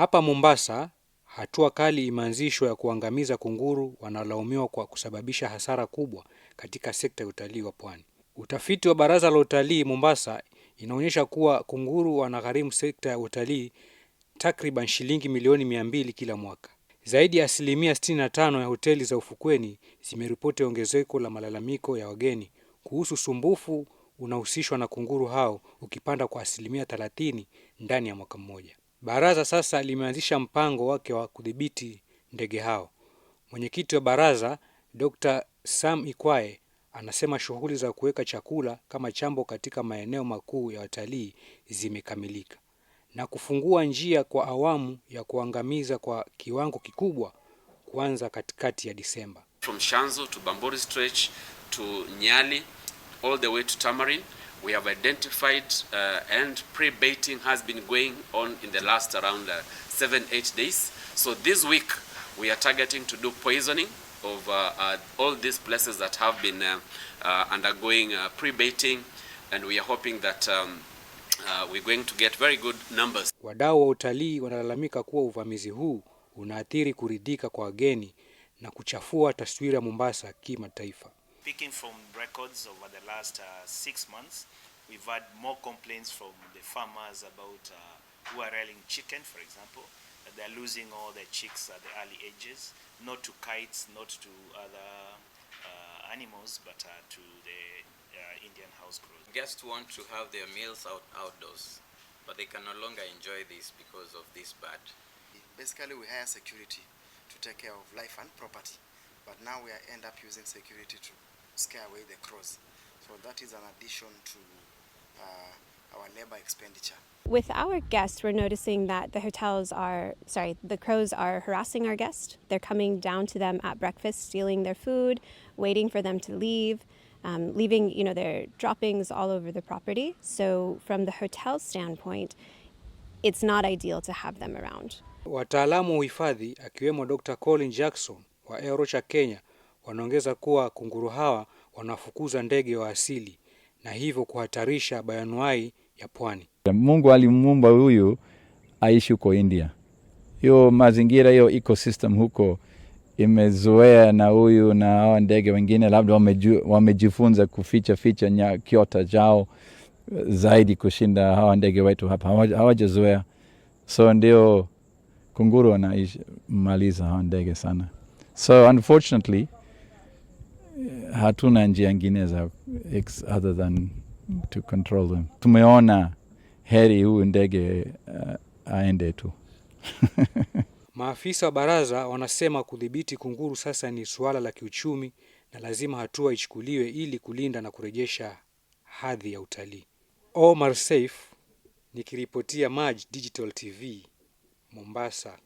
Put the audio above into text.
Hapa Mombasa, hatua kali imeanzishwa ya kuangamiza kunguru wanaolaumiwa kwa kusababisha hasara kubwa katika sekta ya utalii wa pwani. Utafiti wa Baraza la Utalii Mombasa inaonyesha kuwa kunguru wanagharimu sekta ya utalii takriban shilingi milioni mia mbili kila mwaka. Zaidi ya asilimia 65 ya hoteli za ufukweni zimeripoti ongezeko la malalamiko ya wageni kuhusu sumbufu unahusishwa na kunguru hao ukipanda kwa asilimia 30 ndani ya mwaka mmoja. Baraza sasa limeanzisha mpango wake wa kudhibiti ndege hao. Mwenyekiti wa baraza Dr. Sam ikwae anasema shughuli za kuweka chakula kama chambo katika maeneo makuu ya watalii zimekamilika na kufungua njia kwa awamu ya kuangamiza kwa kiwango kikubwa kuanza katikati ya Disemba. From Shanzo to Bamburi stretch to Nyali all the way to Tamarind we have identified uh, and pre-baiting has been going on in the last around uh, seven, eight days. So this week we are targeting to do poisoning of uh, uh, all these places that have been uh, uh, undergoing uh, pre-baiting and we are hoping that um, uh, we're going to get very good numbers. Wadau wa utalii wanalalamika kuwa uvamizi huu unaathiri kuridhika kwa wageni na kuchafua taswira Mombasa kimataifa. speaking from records over the last uh, six months, we've had more complaints from the farmers about uh, who are railing chicken, for example, that they're losing all their chicks at the early ages, not to kites, not to other uh, animals, but uh, to the uh, Indian house crows. Guests want to have their meals out outdoors, but they can no longer enjoy this because of this bird. Basically, we hire security to take care of life and property, but now we end up using security to scare away the crows. So that is an addition to uh, our labor expenditure. With our guests, we're noticing that the hotels are, sorry, the crows are harassing our guests. They're coming down to them at breakfast, stealing their food, waiting for them to leave. Um, leaving you know their droppings all over the property so from the hotel standpoint it's not ideal to have them around wataalamu wa uhifadhi akiwemo dr colin jackson wa erocha kenya Wanaongeza kuwa kunguru hawa wanafukuza ndege wa asili na hivyo kuhatarisha bayanuai ya pwani. Mungu alimuumba huyu aishi huko India, hiyo mazingira, hiyo ecosystem huko imezoea na huyu na hawa ndege wengine labda wamejifunza kuficha ficha kiota chao zaidi kushinda hawa ndege wetu hapa hawajazoea, so ndio kunguru wanamaliza hawa ndege sana, so unfortunately hatuna njia ingine za other than to control them. Tumeona heri huyu ndege uh, aende tu. Maafisa wa baraza wanasema kudhibiti kunguru sasa ni suala la kiuchumi na lazima hatua ichukuliwe ili kulinda na kurejesha hadhi ya utalii. Omar Saif nikiripotia Maj Digital TV Mombasa.